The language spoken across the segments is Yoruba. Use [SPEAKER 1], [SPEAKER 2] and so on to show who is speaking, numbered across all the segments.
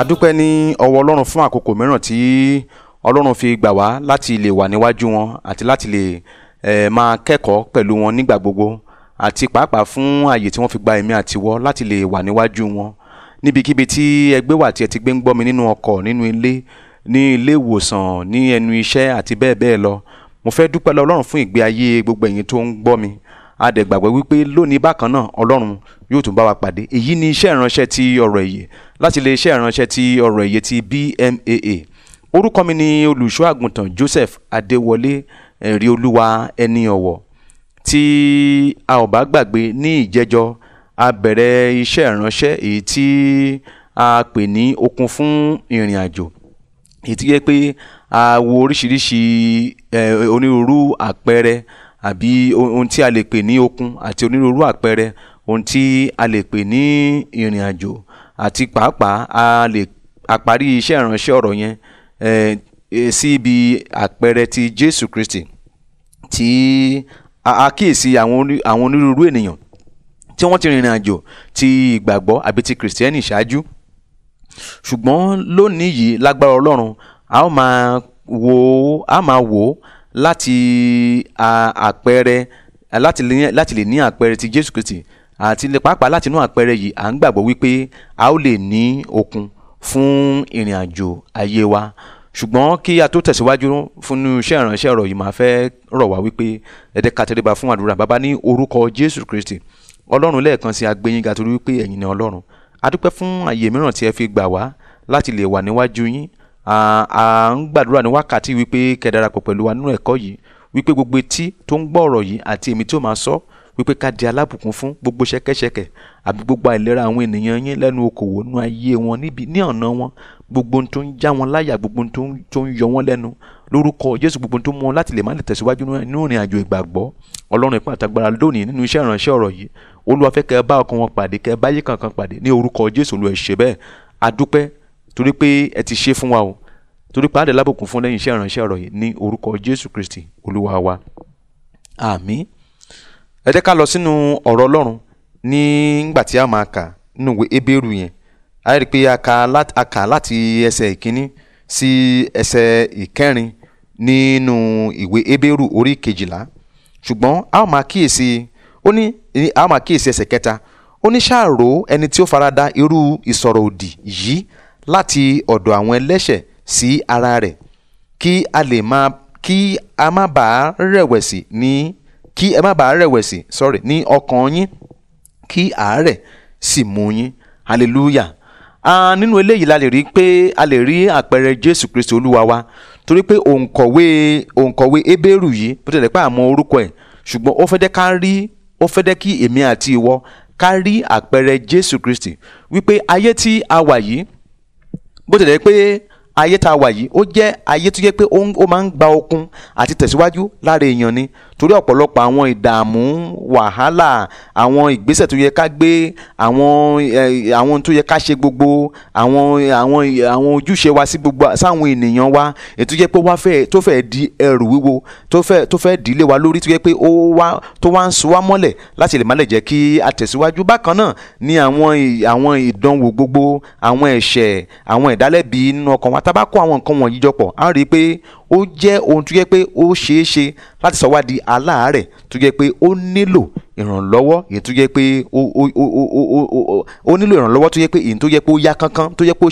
[SPEAKER 1] adúpẹ́ ní ọwọ́ ọlọ́run fún àkókò mìíràn tí ọlọ́run fi gbà wá láti lè wà níwájú wọn àti láti lè eh, máa kẹ́kọ̀ọ́ pẹ̀lú wọn nígbà gbogbo àti pàápàá fún àyè tí wọ́n fi gba èmi àtiwọ́ láti lè wà níwájú wọn níbikíbi tí ẹgbẹ́ wà tí ẹ ti gbé ń gbọ́ mi nínú ọkọ̀ nínú ilé ní ilé ìwòsàn ní ẹnu iṣẹ́ àti bẹ́ẹ̀ bẹ́ẹ̀ lọ mo fẹ́ dúpẹ́ lọ ọlọ́run fún ìgbé ayé gbogbo ẹ̀yin tó ń gbọ́ mi adẹ̀gbàgbọ́ wípé lónìí bákan náà ọlọ́run yóò tún bá wa pàdé èyí ni iṣẹ́ ìránṣẹ́ ti ọ̀rọ̀ èyí láti iléeṣẹ́ ìránṣẹ́ ti ọ̀rọ̀ èyí ti BMAA orúkọ mi ni olùṣọ́ àgùntàn Joseph Adéwọlé ẹ̀rí olúwa ẹni ọ̀wọ̀ tí a ò bá gbàgbé ní ìjẹjọ a bẹ̀rẹ̀ iṣẹ́ ìránṣẹ́ èyí tí a pè ní okun fún ìrìn àjò èyí tí yẹ pé a wo oríṣiríṣi onírúurú àpẹẹrẹ àbí ohun tí a lè pè ní okun àti onírúurú àpẹẹrẹ ohun tí a lè pè ní ìrìn àjò àti pàápàá a lè àparí iṣẹ́ ìránṣẹ́ ọ̀rọ̀ yẹn sí ibi àpẹẹrẹ ti Jésù Kristi tí a kíyèsí àwọn onírúurú ènìyàn tí wọ́n ti rìnrìn àjò ti ìgbàgbọ́ àbí ti Kìrìsìtẹ́nì ṣáájú ṣùgbọ́n lónìí yìí lágbára Ọlọ́run a ó máa wò a máa wò láti àpẹẹrẹ láti lè ní àpẹẹrẹ ti Jésù Kristi àti pàápàá látinú àpẹẹrẹ yìí à ń gbàgbọ́ wípé a ó lè ní okun fún ìrìn àjò ayé wa ṣùgbọ́n kí a tó tẹ̀síwájú fún iṣẹ́ ìránṣẹ́ ọ̀rọ̀ yìí máa fẹ́ rọ̀ wá wípé ẹ̀dẹ́ kàtẹ́rẹ́bà fún àdúrà bàbá ní orúkọ Jésù Kristi ọlọ́run lẹ́ẹ̀kan sí agbẹ́yìn ga torí wípé ẹ̀yin ni ọlọ́run adúpẹ́ fún àyè mìíràn tí ẹ fi gbà wá láti lè wà níwájú yín à ń gbàdúrà ní wákàtí wípé kẹ́ darapọ̀ pẹ̀lú wa nínú ẹ̀kọ́ yìí wípé gbogbo etí tó ń gbọ́ ọ̀rọ̀ yìí àti èmi tí ó máa sọ wípé ká di alábùkún fún gbogbo ṣẹkẹṣẹkẹ àbí gbogbo àìlera àwọn ènìyàn yín lẹ́nu okòwò nú ayé wọn níbi ní ọ̀nà wọn gbogbo tó ń já wọn láyà gbogbo tó ń yọ wọn lẹ́nu lórúkọ Jésù gbogbo tó mú wọn láti lè má lè tẹ̀síwájú nínú ìrìn àjò ìgbàgbọ́ Ọlọ́run ìpín àtàgbára lónìí nínú iṣẹ́ ìránṣẹ́ ọ̀rọ̀ yìí Olúwa fẹ́ kẹ́ ẹ bá ọkàn wọn pàdé kẹ́ ẹ bá yé kankan pàdé ní orúkọ Jésù Olúwa ẹ ṣe bẹ́ẹ̀ adúpẹ́ torí pé ẹ ti ṣe fún wa o torí pé àdè lábòkún fún lẹ́yìn iṣẹ́ ìránṣẹ́ ọ̀rọ̀ yìí ní orúkọ Jésù Kristi Olúwa wa àmín ẹ jẹ́ ká lọ sínú ọ̀rọ̀ ọlọ́run nígbà tí a máa kà nínú ìwé ebéèrú yẹn a rí i pé a kà láti ẹsẹ̀ ìkíní sí ẹsẹ̀ ìkẹrin nínú ìwé ebéèrú orí kejìlá ṣùgbọ́n a máa kíyèsí ó ní a máa kíyèsí ẹsẹ̀ kẹta ó ní ṣàrò ẹni tí ó farada irú ìsọ̀rọ̀ òdì yìí láti ọ̀dọ̀ àwọn ẹlẹ́ṣẹ̀ sí ara rẹ̀ kí a lè máa kí a má bàa rẹ̀wẹ̀sì ní kí ẹ má bàa rẹ̀wẹ̀sì sorry ní ọkàn yín kí àárẹ̀ sì mú yín hallelujah ah, nínú eléyìí la lè rí pé a lè rí àpẹẹrẹ Jésù Kristi Olúwa wa torí pé òǹkọ̀wé òǹkọ̀wé Hébérù yìí bó tilẹ̀ pé àmọ́ orúkọ ẹ̀ ṣùgbọ́n ó fẹ́ dẹ́ ká rí ó fẹ́ dẹ́ kí èmi àti ìwọ ká rí àpẹẹrẹ Jésù Kristi wípé ayé tí a wà yìí bó tilẹ̀ pé ayé tá a wà yìí ó jẹ́ ayé tó jẹ́ pé ó máa ń gba okun àti tẹ̀síwájú lára èèyàn ni torí ọ̀pọ̀lọpọ̀ àwọn ìdààmú wàhálà àwọn ìgbésẹ̀ tó yẹ ká gbé àwọn àwọn tó yẹ ká ṣe gbogbo àwọn àwọn àwọn ojúṣe wa sí gbogbo sáwọn ènìyàn wa ètò jẹ́ pé wá fẹ́ tó fẹ́ di ẹrù wíwo tó fẹ́ tó fẹ́ dìílé wa lórí tó yẹ pé ó wá tó wá ń so wá mọ́lẹ̀ láti lè má lè jẹ́ kí a tẹ̀síwájú bákan náà ni àwọn àwọn ìdánwò gbogbo àwọn ẹ̀ṣẹ̀ àwọn ìdálẹ́bi nínú ọkàn wa tá a bá kó àwọn nǹkan wọ̀nyí jọpọ̀ á rí i pé ó jẹ́ ohun tó yẹ pé ó ṣeé ṣe láti sọ wá di aláàárẹ̀ tó yẹ pé ó nílò ìrànlọ́wọ́ èyí tó yẹ pé ó nílò ìrànlọ́wọ́ tó yẹ pé èyí tó yẹ pé ó yá kánkán tó yẹ pé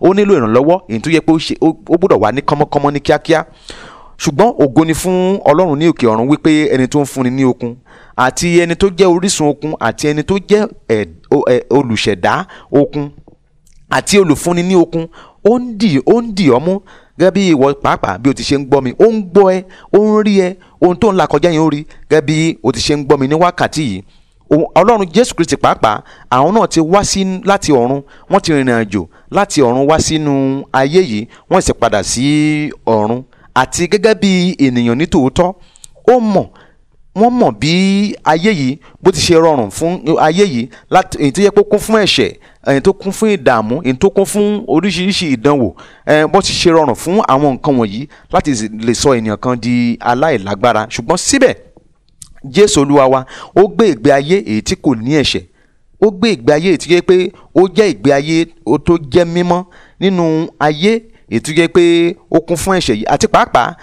[SPEAKER 1] ó nílò ìrànlọ́wọ́ èyí tó yẹ pé ó gbọ́dọ̀ wà ní kánmọ́kánmọ́ ní kíákíá ṣùgbọ́n ògo ni fún ọlọ́run ní òkè ọ̀run wípé ẹni tó ń fúnni ní okun àti ẹni tó jẹ́ orísun okun àti ẹni tó jẹ́ olùṣẹ̀dá okun àti olùfúnni ní okun ó ń dì ó ń dì ọ́ mú gẹ́gẹ́ bí ìwọ pàápàá bí o ti ṣe ń gbọ́ mi ó ń gbọ́ ẹ ó ń rí ẹ ohun tó ń là kọjá yẹn ó rí gẹ́gẹ́ bí o ti ṣe ń gbọ́ mi ní wákàtí yìí ọlọ́run jésù kristi pàápàá àwọn náà ti wá sí láti ọ̀run wọ́n ti rìnrìn àjò láti ọ̀run wá sínú ayé yìí wọ́n sì padà sí ọ̀run àti gẹ́gẹ́ bí ènìyàn ní tòótọ́ ó mọ̀ wọ́n mọ̀ bí ayé yìí bó ti ṣe rọrùn fún ayé yìí láti èyí tó yẹ kó kún fún ẹ̀ṣẹ̀ èyí tó kún fún ìdààmú èyí tó kún fún oríṣiríṣi ìdánwò bó ti ṣe rọrùn fún àwọn nǹkan wọ̀nyí láti lè sọ ènìyàn kan di aláìlágbára ṣùgbọ́n síbẹ̀ Jésù Olúwa wa ó gbé ìgbé ayé èyí tí kò ní ẹ̀ṣẹ̀ ó gbé ìgbé ayé èyí tí yẹ pé ó jẹ́ ìgbé ayé tó jẹ́ mímọ́ nínú ayé ètò pé ó kún fún ẹ̀ṣẹ̀ yìí àti pàápàá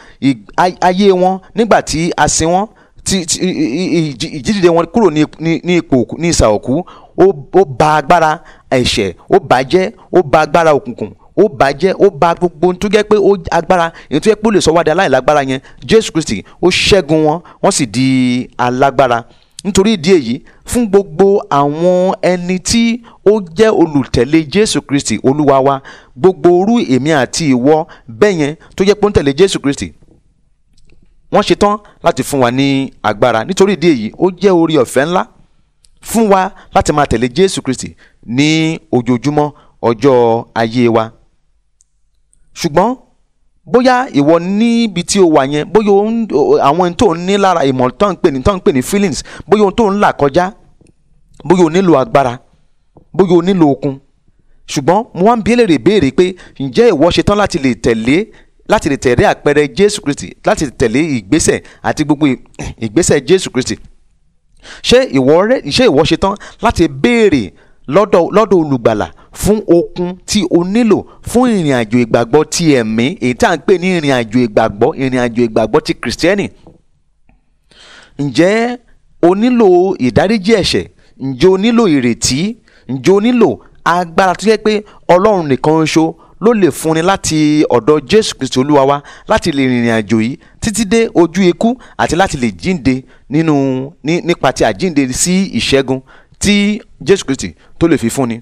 [SPEAKER 1] ayé wọn nígbà tí a sin wọn ti ìjídìde wọn kúrò ní ní ipò ní ìsà òkú ó ba agbára ẹ̀ṣẹ̀ ó bàjẹ́ ó ba agbára òkùnkùn ó bàjẹ́ ó ba gbogbo tó jẹ́ pé ó agbára èyí tó jẹ́ pé ó lè sọ wádìí aláìlágbára yẹn Jésù Kristi ó ṣẹ́gun wọn wọ́n sì di alágbára nítorí ìdí èyí fún gbogbo àwọn ẹni tí ó jẹ́ olùtẹ̀lé Jésù Kristi Olúwa wa gbogbo orú èmi àti ìwọ bẹ́yẹn tó jẹ́ pé ó ń tẹ̀lé Jésù Kristi wọ́n ṣetán láti fún wa ní agbára nítorí ìdí èyí ó jẹ́ orí ọ̀fẹ́ ńlá fún wa láti máa tẹ̀lé Jésù Kristi ní ojoojúmọ́ ọjọ́ ayé wa ṣùgbọ́n bóyá ìwọ níbi tí o wà yẹn bóyá àwọn tó ń ní lára ìmọ̀ ń pè ní tó ń pè ní feelings bóyá ohun tó ń là kọjá bóyá o nílò agbára bóyá o nílò okun ṣùgbọ́n mo wá ń bi léèrè béèrè pé ǹjẹ́ ìwọ ṣetán láti lè tẹ̀lé láti lè tẹ̀lé àpẹẹrẹ jésù kristi láti lè tẹ̀lé ìgbésẹ̀ àti gbogbo ìgbésẹ̀ jésù kristi ṣé ìwọ rẹ ṣé ìwọ ṣetán láti béèrè lọ́dọ̀ lọ́dọ̀ olùgbàlà fún okun tí o nílò fún ìrìn àjò ìgbàgbọ́ ti ẹ̀mí èyí tá à ń pè ní ìrìn àjò ìgbàgbọ́ ìrìn àjò ìgbàgbọ́ ti kìrìsìtẹ́nì ǹjẹ́ o nílò ìdáríjì ẹ̀ṣẹ̀ ǹjẹ́ o nílò ìrètí ǹjẹ́ o nílò agbára tó yẹ pé ọlọ́run nìkan ṣo ló lè fúnni láti ọ̀dọ̀ Jésù Kristi Olúwa wa láti lè rìnrìn àjò yìí títí dé ojú ikú àti láti lè jíǹde nínú nípa ti àjíǹde sí ìṣẹ́gun tí Jésù Kristi tó lè fi fúnni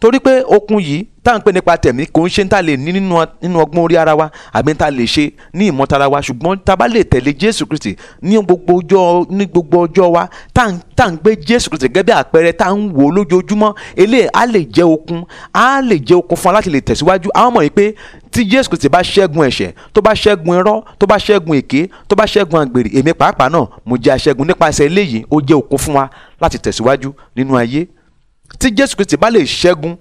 [SPEAKER 1] torí pé okun yìí tá à ń pè nípa tẹ̀mí kò ń ṣe tá a lè ní nínú ọgbọ́n orí ara wa àbí tá lè ṣe ní ìmọ̀tara wa ṣùgbọ́n tá a bá lè tẹ̀lé Jésù Kristi ní gbogbo ọjọ́ ní gbogbo ọjọ́ wa tá à ń gbé Jésù Kristi gẹ́gẹ́ bí àpẹẹrẹ tá à ń wò lójoojúmọ́ eléyìí á lè jẹ́ okun á lè jẹ́ okun fún wa láti lè tẹ̀síwájú àwọn mọ̀ yìí pé tí Jésù Kristi bá ṣẹ́gun ẹ̀ṣẹ̀ tó bá ṣẹ́gun irọ́ tó bá ṣẹ́gun èké tó bá ṣẹ́gun àgbèrè èmi pàápàá náà mo jẹ́ aṣẹ́gun nípasẹ̀ eléyìí ó jẹ́ okun fún wa láti tẹ̀síwájú nínú ayé tí jésù kristi bá lè ṣẹ́gun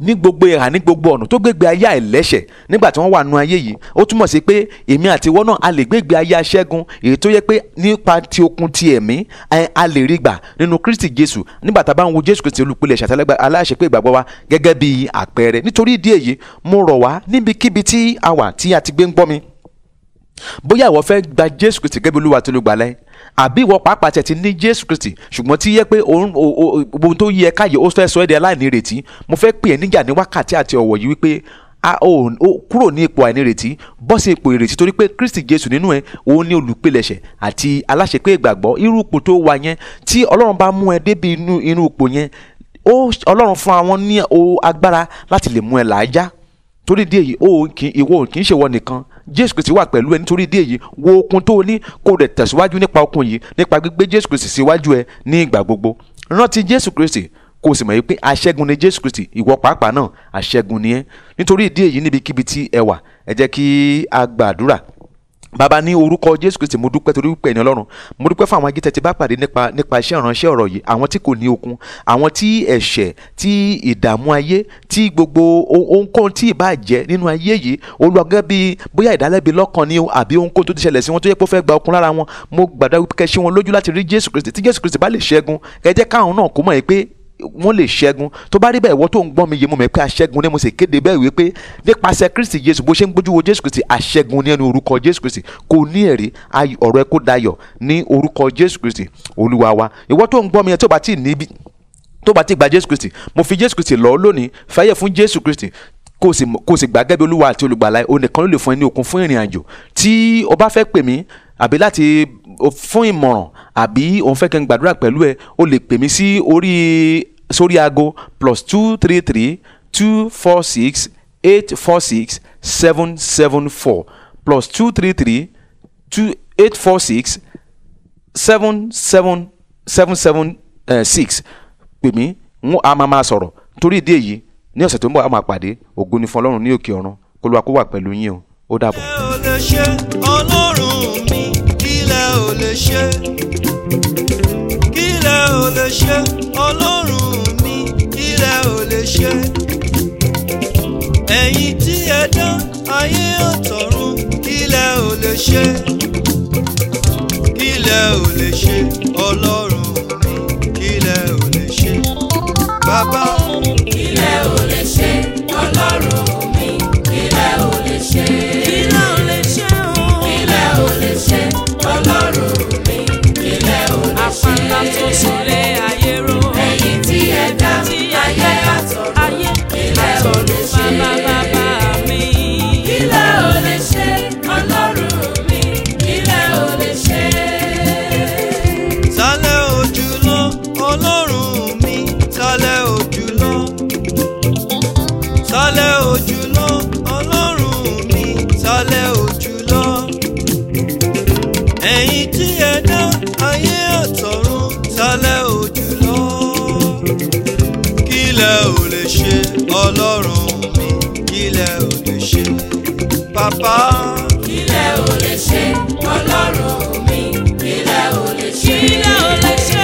[SPEAKER 1] ní gbogbo ìhà ní gbogbo ọ̀nà tó gbégbé ayé àìlẹ́ṣẹ̀ nígbà tí wọ́n wà nù ayé yìí ó túmọ̀ sí pé èmi àti ìwọ náà a lè gbégbé ayé aṣẹ́gun èyí tó yẹ pé nípa ti okun ti ẹ̀mí a lè rí gbà nínú Kristi Jésù nígbà tá a bá ń wo Jésù Kristi olùpilẹ̀ ṣàtàlẹ́gbà aláṣepé ìgbàgbọ́ wa gẹ́gẹ́ bí àpẹẹrẹ nítorí ìdí èyí mo rọ̀ wá níbikíbi tí a wà tí a ti gbé ń gbọ́ mi bóyá ìwọ fẹ́ gba Jésù Kristi gẹ́gẹ́ bí Olúwa tó ló gbà àbí ìwọ pàápàá tẹ̀ ti ní jésù kristi ṣùgbọ́n tí yẹ pé ohun tó yẹ káyè ó fẹ́ sọ ẹ́ di aláìnírètí mo fẹ́ pè é níjà ní wákàtí àti ọ̀wọ̀ yìí wípé a ò kúrò ní ipò àìnírètí bọ́ sí ipò ìrètí torí pé kristi jésù nínú ẹ òun ní olùpilẹ̀ṣẹ̀ àti aláṣepé ìgbàgbọ́ irú ipò tó wà yẹn tí ọlọ́run bá mú ẹ débi inú inú ipò yẹn ó ọlọ́run fún àwọn ní agbára láti lè mú ẹ làájá torí díẹ̀ yìí ìwọ kì í ṣèwọ nìkan jésù kristi wà pẹ̀lú ẹ nítorí ìdí èyí wo okun tó o ní kó o rẹ̀ tẹ̀síwájú nípa okun yìí nípa gbígbé jésù kristi síwájú ẹ ní ìgbà gbogbo rántí jésù kristi kó o sì mọ̀ yìí pé aṣẹ́gun ni jésù kristi ìwọ pàápàá náà aṣẹ́gun ni ẹ nítorí ìdí èyí níbikíbi tí ẹ wà ẹ jẹ́ kí a gbàdúrà bàbá ní orúkọ jésù kristi mo dúpẹ́ torí pé ẹni ọlọ́run mo dúpẹ́ fún àwọn agítẹ̀ tí bá pàdé nípa nípa iṣẹ́ ìránṣẹ́ ọ̀rọ̀ yìí àwọn tí kò ní okun àwọn tí ẹ̀ṣẹ̀ tí ìdààmú ayé tí gbogbo ohunkóhun tí ìbá nínú ayé yìí olúwa bí bóyá ìdálẹ́bi lọ́kàn ni o àbí ohunkóhun tó ti ṣẹlẹ̀ sí wọn tó yẹ kó fẹ́ gba okun lára wọn mo gbàdá kẹ́ ṣí wọn lójú láti rí jésù kristi tí jésù kristi bá lè ṣẹ́gun ẹ wọ́n lè ṣẹ́gun tó bá rí bẹ́ẹ̀ wọ́n tó ń gbọ́n mi yé mu mẹ́ pé aṣẹ́gun ni mo sì kéde bẹ́ẹ̀ wípé nípasẹ̀ kristi jésù bó ṣe ń gbójú wo jésù kristi aṣẹ́gun ní ẹnu orúkọ jésù kristi kò ní ẹ̀rí ọ̀rọ̀ ẹ kó dayọ̀ ní orúkọ jésù kristi olúwa wa ìwọ tó ń gbọ́n mi yẹn tó bá ti níbi tó bá ti gba jésù kristi mo fi jésù kristi lọ lónìí fẹ́yẹ̀ fún jésù kristi kò sì kò sì gbà gẹ́gẹ́ bí olúwa àti olùgbàlà onìkan ló lè fún ẹ ní okun fún ìrìn àjò tí o bá fẹ́ pè mí àbí láti fún ìmọ̀ràn àbí òun fẹ́ kẹ́ ń gbàdúrà pẹ̀lú ẹ o lè pè mí sí orí sórí plus two three three two four six eight four six seven seven four plus two three three two eight four six seven seven seven seven eh, six pè mí n a máa máa sọ̀rọ̀ torí ìdí èyí ní ọ̀sẹ̀ tó ń bọ̀ a máa pàdé ògo ni fún ọlọ́run ní òkè ọ̀run kó lóra kó pẹ̀lú yín o ó dàbọ̀.
[SPEAKER 2] ilẹ̀ ṣe ẹ̀yin tí ẹ dán ayé ọ̀tọ̀run kílẹ̀ ò lè ṣe kílẹ̀ ò lè ṣe ọlọ́run mi kílẹ̀ ò lè ṣe bàbá. òjùlọ ọlọ́run mi sálẹ̀ òjùlọ. ẹ̀yin tí ẹ dá ayé àtọ̀run sálẹ̀ òjùlọ. kílẹ̀ ò lè ṣe ọlọ́run mi kílẹ̀ ò lè ṣe bàbá. kílẹ̀ ò lè ṣe ọlọ́run mi kílẹ̀ ò lè ṣe. kílẹ̀ ò lè ṣe.